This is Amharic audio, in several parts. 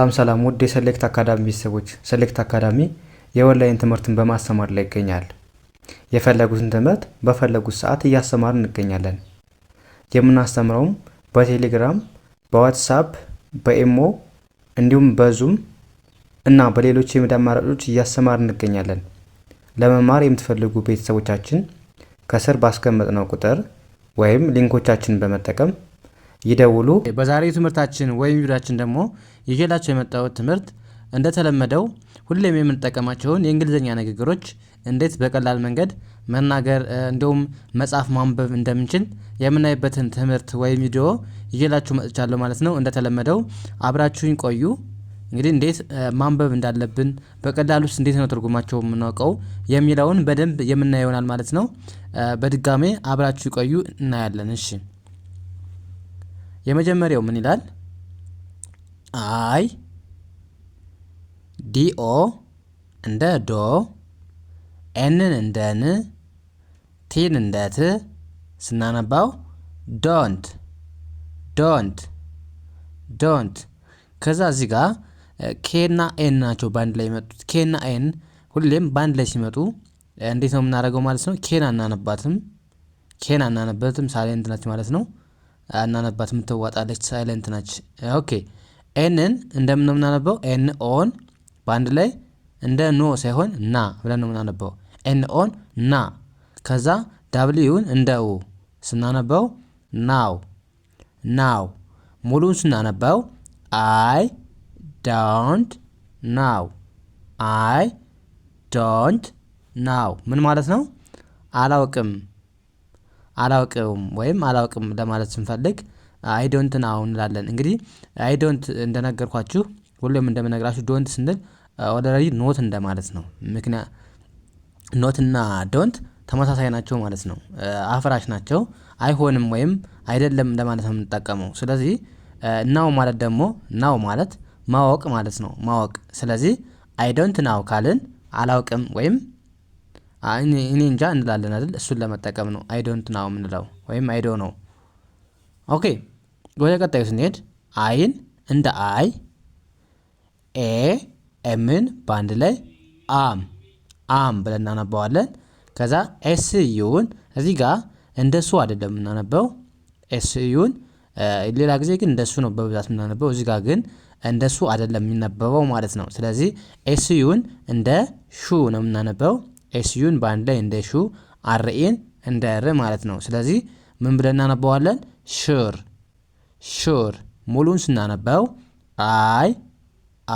ሰላም ሰላም ውድ የሴሌክት አካዳሚ ቤተሰቦች፣ ሴሌክት አካዳሚ የኦንላይን ትምህርትን በማስተማር ላይ ይገኛል። የፈለጉትን ትምህርት በፈለጉት ሰዓት እያስተማር እንገኛለን። የምናስተምረውም በቴሌግራም፣ በዋትሳፕ፣ በኤሞ እንዲሁም በዙም እና በሌሎች የሚዲያ አማራጮች እያስተማር እንገኛለን። ለመማር የምትፈልጉ ቤተሰቦቻችን ከስር ባስቀመጥነው ቁጥር ወይም ሊንኮቻችንን በመጠቀም ይደውሉ። በዛሬው ትምህርታችን ወይም ቪዲዮችን ደግሞ ይዤላቸው የመጣሁት ትምህርት እንደተለመደው ሁሌም የምንጠቀማቸውን የእንግሊዝኛ ንግግሮች እንዴት በቀላል መንገድ መናገር እንዲሁም መጻፍ ማንበብ እንደምንችል የምናይበትን ትምህርት ወይም ቪዲዮ ይዤላችሁ መጥቻለሁ ማለት ነው። እንደተለመደው አብራችሁኝ ቆዩ። እንግዲህ እንዴት ማንበብ እንዳለብን በቀላል ውስጥ እንዴት ነው ትርጉማቸው የምናውቀው የሚለውን በደንብ የምናየው ይሆናል ማለት ነው። በድጋሜ አብራችሁ ቆዩ፣ እናያለን። እሺ የመጀመሪያው ምን ይላል? አይ ዲኦ እንደ ዶ፣ ኤንን እንደ ን፣ ቲን እንደ ት ስናነባው ዶንት ዶንት ዶንት። ከዛ እዚህ ጋር ኬና ኤን ናቸው በአንድ ላይ የመጡት። ኬና ኤን ሁሌም በአንድ ላይ ሲመጡ እንዴት ነው የምናደርገው ማለት ነው? ኬን አናነባትም፣ ኬን አናነበትም፣ ሳይለንት ናቸው ማለት ነው። አናነባት የምትዋጣለች ሳይለንት ናች። ኦኬ ኤንን እንደምን ነው የምናነበው? ኤን ኦን በአንድ ላይ እንደ ኖ ሳይሆን ና ብለን ነው የምናነበው። ኤን ኦን ና። ከዛ ዳብሊውን እንደ ስናነበው ናው ናው። ሙሉን ስናነበው አይ ዶንት ናው አይ ዶንት ናው ምን ማለት ነው? አላውቅም አላውቅም ወይም አላውቅም ለማለት ስንፈልግ አይ ዶንት ናው እንላለን። እንግዲህ አይ ዶንት እንደነገርኳችሁ ሁሉም እንደምነግራችሁ ዶንት ስንል ኦልሬዲ ኖት እንደማለት ነው። ምክንያ ኖት እና ዶንት ተመሳሳይ ናቸው ማለት ነው። አፍራሽ ናቸው። አይሆንም ወይም አይደለም ለማለት ነው የምንጠቀመው። ስለዚህ ናው ማለት ደግሞ ናው ማለት ማወቅ ማለት ነው። ማወቅ ስለዚህ አይ ዶንት ናው ካልን አላውቅም ወይም እኔ እንጃ እንላለን አይደል? እሱን ለመጠቀም ነው አይ ዶንት ናው የምንለው ወይም አይ ዶ ነው። ኦኬ ወደ ቀጣዩ ስንሄድ አይን እንደ አይ ኤ ኤምን በአንድ ላይ አም አም ብለን እናነባዋለን። ከዛ ኤስ ዩን እዚህ ጋር እንደ ሱ አይደለም የምናነበው ኤስ ሌላ ጊዜ ግን እንደሱ ነው በብዛት የምናነበው። እዚህ ጋር ግን እንደሱ አይደለም የሚነበበው ማለት ነው። ስለዚህ ኤስዩን እንደ ሹ ነው የምናነበው። ኤስዩን በአንድ ላይ እንደ ሹ አርኤን እንደ ር ማለት ነው። ስለዚህ ምን ብለን እናነባዋለን? ሹር ሹር። ሙሉን ስናነበው አይ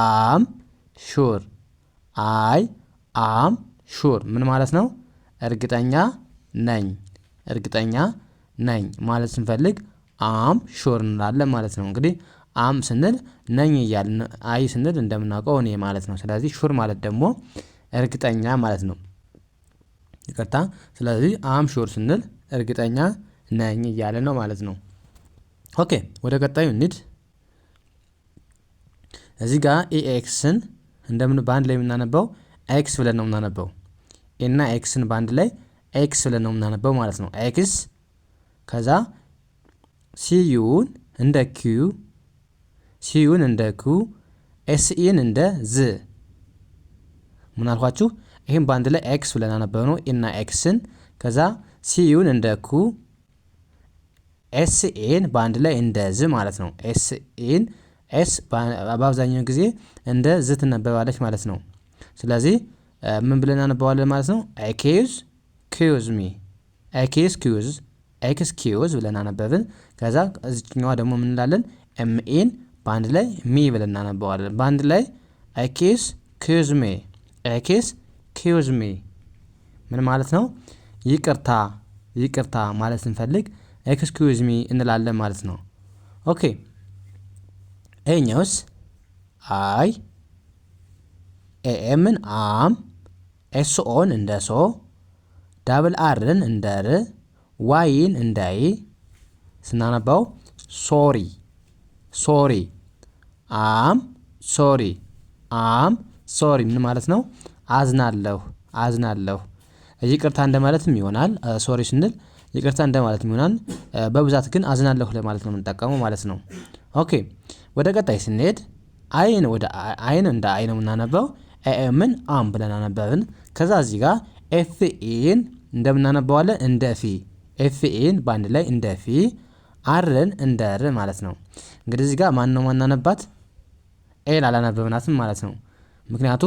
አም ሹር፣ አይ አም ሹር ምን ማለት ነው? እርግጠኛ ነኝ፣ እርግጠኛ ነኝ ማለት ስንፈልግ አም ሹር እንላለን ማለት ነው። እንግዲህ አም ስንል ነኝ እያል፣ አይ ስንል እንደምናውቀው እኔ ማለት ነው። ስለዚህ ሹር ማለት ደግሞ እርግጠኛ ማለት ነው። ይቅርታ። ስለዚህ አም ሹር ስንል እርግጠኛ ነኝ እያለ ነው ማለት ነው። ኦኬ ወደ ቀጣዩ እንሂድ። እዚህ ጋር ኤኤክስን እንደምን በአንድ ላይ የምናነበው ኤክስ ብለን ነው የምናነበው። ኤና ኤክስን በአንድ ላይ ኤክስ ብለን ነው የምናነበው ማለት ነው። ኤክስ ከዛ ሲዩን እንደ ኪዩ ሲዩን እንደ ኩ ኤስኢን እንደ ዝ ምናልኳችሁ አልኳችሁ? ይህም በአንድ ላይ ኤክስ ብለን አነበብ ነው ኤክስን ከዛ ሲዩን እንደ ኩ ኤስ ኤን በአንድ ላይ እንደ ዝ ማለት ነው። ኤስ ኤን ኤስ በአብዛኛው ጊዜ እንደ ዝ ትነበባለች ማለት ነው። ስለዚህ ምን ብለን አነበዋለን ማለት ነው? ኤክስ ኪዩዝ ሚ ኤክስ ኪዩዝ ኤክስ ብለን አነበብን። ከዛ እዚችኛዋ ደግሞ ምን እንላለን? ኤም ኤን በአንድ ላይ ሚ ብለን አነበዋለን። በአንድ ላይ ኤክስ ኪዩዝ ሚ ኤክስ ኤክስኪውዝ ሚ ምን ማለት ነው? ይቅርታ ይቅርታ ማለት ስንፈልግ ኤክስኪዩዝ ሚ እንላለን ማለት ነው። ኦኬ ኤኛውስ አይ ኤኤምን አም ኤስኦን እንደ ሶ ዳብል አርን እንደ ር ዋይን እንደ ይ ስናነባው ሶሪ ሶሪ አም ሶሪ አም ሶሪ ምን ማለት ነው? አዝናለሁ አዝናለሁ ይቅርታ እንደማለትም ይሆናል ሶሪ ስንል ይቅርታ እንደማለትም ይሆናል። በብዛት ግን አዝናለሁ ለማለት ነው የምንጠቀመው ማለት ነው። ኦኬ ወደ ቀጣይ ስንሄድ አይን ወደ አይን እንደ አይ ነው የምናነበው ኤኤምን አም ብለን አነበብን። ከዛ እዚህ ጋር ኤፍኤን ኤን እንደምናነበዋለን እንደ ፊ ኤፍኤን በአንድ ላይ እንደ ፊ አርን እንደ ር ማለት ነው። እንግዲህ እዚህ ጋር ማን ነው ማናነባት ኤል አላነበብናትም ማለት ነው ምክንያቱ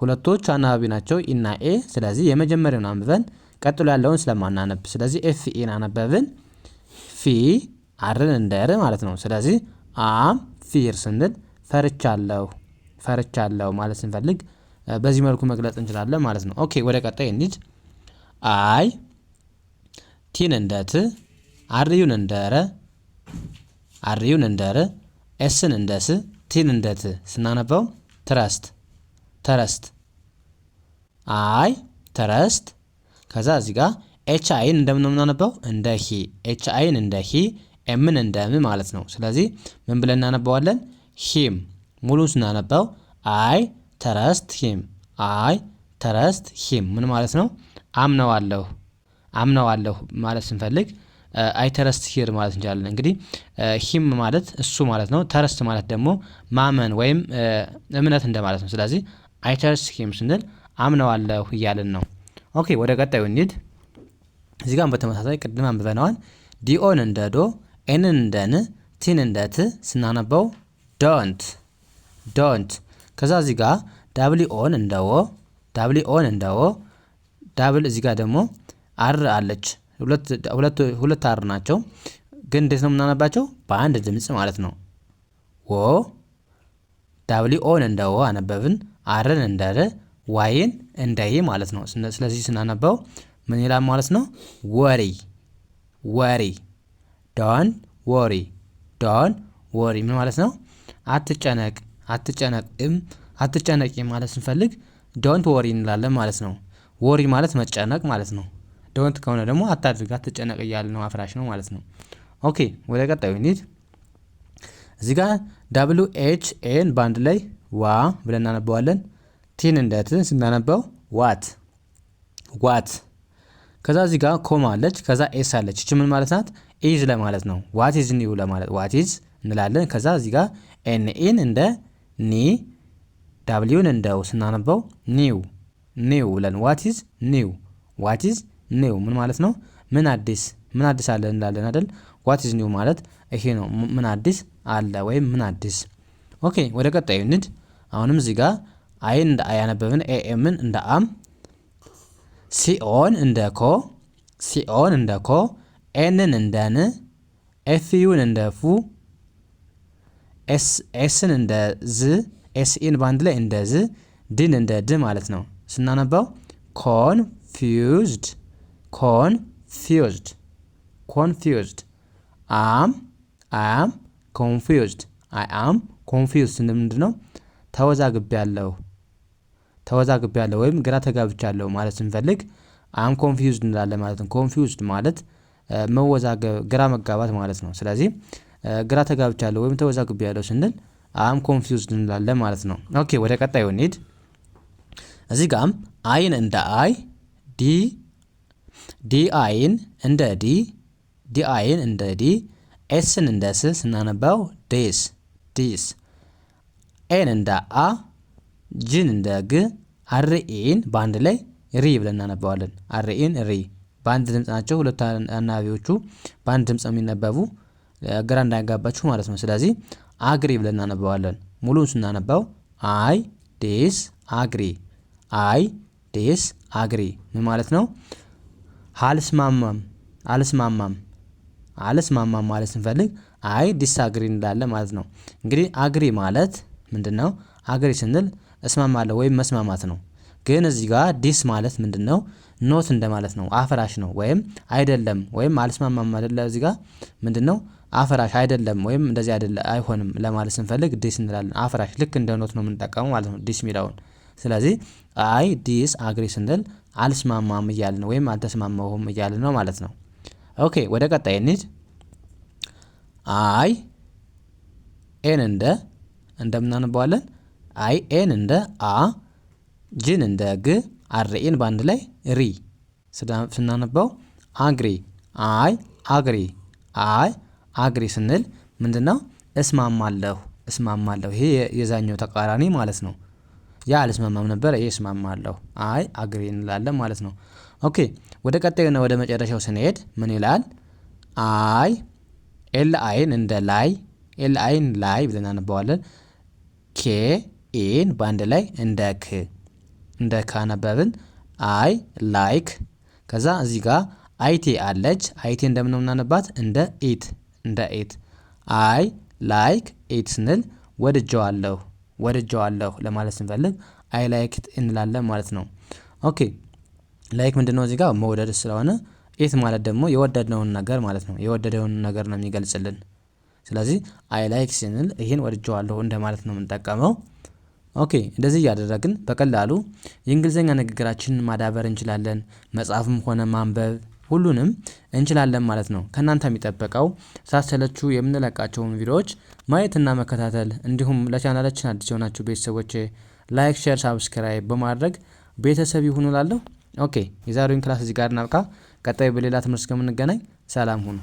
ሁለቶች አናባቢ ናቸው ኢና ኤ። ስለዚህ የመጀመሪያውን አንብበን ቀጥሎ ያለውን ስለማናነብ ስለዚህ ኤፍ ኤን አነበብን ፊ አርን እንደር ማለት ነው። ስለዚህ አም ፊር ስንል ፈርቻለሁ ፈርቻለሁ ማለት ስንፈልግ በዚህ መልኩ መግለጽ እንችላለን ማለት ነው። ኦኬ ወደ ቀጣይ እንሂድ። አይ ቲን እንደት አርዩን እንደረ አርዩን እንደረ ኤስን እንደስ ቲን እንደት ስናነበው ትረስት ተረስት አይ ተረስት ከዛ እዚህ ጋር ኤች አይን እንደምን የምናነበው እንደ ሂ ኤች አይን እንደ ሂ ኤምን እንደ ም ማለት ነው። ስለዚህ ምን ብለን እናነበዋለን? ሂም ሙሉን ስናነበው አይ ተረስት ሂም አይ ተረስት ሂም ምን ማለት ነው? አምነዋለሁ አምነዋለሁ ማለት ስንፈልግ አይ ተረስት ሂር ማለት እንችላለን። እንግዲህ ሂም ማለት እሱ ማለት ነው። ተረስት ማለት ደግሞ ማመን ወይም እምነት እንደማለት ነው። ስለዚህ አይተርስ ሂም ስንል አምነዋለሁ እያልን ነው። ኦኬ ወደ ቀጣዩ እንሂድ። እዚህ ጋር በተመሳሳይ ቅድም አንብበነዋል። ዲኦን እንደ ዶ፣ ኤንን እንደ ን፣ ቲን እንደ ት ስናነበው ዶንት ዶንት። ከዛ እዚህ ጋር ኦን እንደ ወ፣ ኦን እንደ ዳብል እዚህ ጋር ደግሞ አር አለች። ሁለት አር ናቸው፣ ግን እንዴት ነው የምናነባቸው? በአንድ ድምፅ ማለት ነው። ዎ ኦን እንደ አነበብን። አርን እንዳለ ዋይን እንዳይ ማለት ነው። ስለዚህ ስናነበው ምን ይላል ማለት ነው? ወሪ ወሪ፣ ዶን ወሪ፣ ዶን ወሪ ምን ማለት ነው? አትጨነቅ፣ አትጨነቅ እም አትጨነቂ ማለት ስንፈልግ ዶንት ወሪ እንላለን ማለት ነው። ወሪ ማለት መጨነቅ ማለት ነው። ዶንት ከሆነ ደግሞ አታድርግ፣ አትጨነቅ እያለ ነው፣ አፍራሽ ነው ማለት ነው። ኦኬ ወደ ቀጣዩ እንሂድ። እዚህ ጋር ዳብሉ ኤች ኤን በአንድ ላይ ዋ ብለን እናነበዋለን። ቲን እንደ ት ስናነበው ዋት ዋት። ከዛ እዚህ ጋር ኮማ አለች፣ ከዛ ኤስ አለች። እች ምን ማለት ናት? ኢዝ ለማለት ነው። ዋት ኢዝ ኒው ለማለት ዋት ኢዝ እንላለን። ከዛ እዚህ ጋር ኤን ኢን እንደ ኒ ዳብሊውን እንደው ስናነበው ኒው ኒው ብለን ዋት ኢዝ ኒው ዋት ኢዝ ኒው ምን ማለት ነው? ምን አዲስ ምን አዲስ አለ እንላለን አይደል? ዋት ኢዝ ኒው ማለት ይሄ ነው። ምን አዲስ አለ ወይም ምን አዲስ ኦኬ ወደ ቀጣዩ እንድ አሁንም እዚህ ጋር አይን እንደ አይ ያነበብን ኤኤምን እንደ አም ሲኦን እንደ ኮ ሲኦን እንደ ኮ ኤንን እንደ ን ኤፍዩን እንደ ፉ ኤስን እንደ ዝ ኤስኢን ባንድ ላይ እንደ ዝ ድን እንደ ድ ማለት ነው። ስናነባው ኮንፊውዝድ ኮንፊውዝድ ኮንፊውዝድ አም አም ኮንፊውዝድ አይ አም ኮንፊውዝ ምንድ ነው? ተወዛግቤያለሁ ተወዛግቤያለሁ ወይም ግራ ተጋብቻለሁ ማለት ስንፈልግ አም ኮንፊውዝድ እንላለን ማለት ነው። ኮንፊውዝድ ማለት መወዛገብ፣ ግራ መጋባት ማለት ነው። ስለዚህ ግራ ተጋብቻለሁ ወይም ተወዛግቤያለሁ ስንል አም ኮንፊውዝድ እንላለን ማለት ነው። ኦኬ ወደ ቀጣዩ እንሂድ። እዚህ ጋም አይን እንደ አይ ዲ ዲ አይን እንደ ዲ ዲ አይን እንደ ዲ ኤስን እንደ ስ ስናነባው ዴስ ዲስ ኤን እንደ አ ጅን እንደ ግ አርኢን በአንድ ላይ ሪ ብለን እናነባዋለን። አርኢን ሪ በአንድ ድምፅ ናቸው። ሁለቱ አናባቢዎቹ በአንድ ድምፅ ነው የሚነበቡ፣ ግራ እንዳያጋባችሁ ማለት ነው። ስለዚህ አግሪ ብለን እናነባዋለን። ሙሉን ስናነባው አይ ዴስ አግሪ፣ አይ ዴስ አግሪ ምን ማለት ነው? አልስማማም፣ አልስማማም፣ አልስማማም ማለት ስንፈልግ አይ ዲስ አግሪ እንላለን ማለት ነው። እንግዲህ አግሪ ማለት ምንድን ነው? አግሪ ስንል እስማማለሁ ወይም መስማማት ነው። ግን እዚህ ጋር ዲስ ማለት ምንድን ነው? ኖት እንደማለት ነው። አፍራሽ ነው ወይም አይደለም ወይም አልስማማም አይደለ? እዚህ ጋር ምንድን ነው? አፍራሽ አይደለም ወይም እንደዚህ አይደለ አይሆንም ለማለት ስንፈልግ ዲስ እንላለን። አፍራሽ ልክ እንደ ኖት ነው የምንጠቀመው ማለት ነው ዲስ የሚለውን። ስለዚህ አይ ዲስ አግሪ ስንል አልስማማም እያልን ነው ወይም አልተስማማሁም እያልን ነው ማለት ነው። ኦኬ ወደ ቀጣይ እንሂድ። አይ ኤን እንደ እንደምናነባዋለን አይ ኤን እንደ አ ጅን እንደ ግ አርኤን በአንድ ላይ ሪ ስናነባው አግሪ አይ አግሪ አይ አግሪ ስንል ምንድነው እስማማለሁ እስማማለሁ። ይሄ የዛኛው ተቃራኒ ማለት ነው። ያ አልስማማም ነበር፣ ይሄ እስማማለሁ። አይ አግሪ እንላለን ማለት ነው። ኦኬ ወደ ቀጣዩና ወደ መጨረሻው ስንሄድ ምን ይላል? አይ ኤል አይን እንደ ላይ ኤል አይን ላይ ብለን አነባዋለን። ኬ ኤን በአንድ ላይ እንደ ክ እንደ ካነበብን አይ ላይክ ከዛ እዚህ ጋር አይቴ አለች። አይቴ እንደምነው ምናነባት እንደ ኤት እንደ ኤት አይ ላይክ ኤት ስንል ወድጀዋለሁ ወድጀዋለሁ ለማለት ስንፈልግ አይ ላይክ እንላለን ማለት ነው። ኦኬ ላይክ ምንድነው እዚህ ጋር መውደድ ስለሆነ ኤት ማለት ደግሞ የወደድነውን ነገር ማለት ነው። የወደደውን ነገር ነው የሚገልጽልን። ስለዚህ አይ ላይክ ስንል ይህን ወድጀዋለሁ እንደማለት ነው የምንጠቀመው። ኦኬ እንደዚህ እያደረግን በቀላሉ የእንግሊዝኛ ንግግራችንን ማዳበር እንችላለን። መጻፍም ሆነ ማንበብ ሁሉንም እንችላለን ማለት ነው። ከእናንተ የሚጠበቀው ሳሰለቹ የምንለቃቸውን ቪዲዮዎች ማየትና መከታተል እንዲሁም ለቻናላችን አዲስ የሆናችሁ ቤተሰቦች ላይክ፣ ሼር፣ ሳብስክራይብ በማድረግ ቤተሰብ ይሁኑ ላለሁ። ኦኬ የዛሬውን ክላስ እዚህ ጋር እናብቃ። ቀጣይ በሌላ ትምህርት እስከምንገናኝ ሰላም ሁኑ።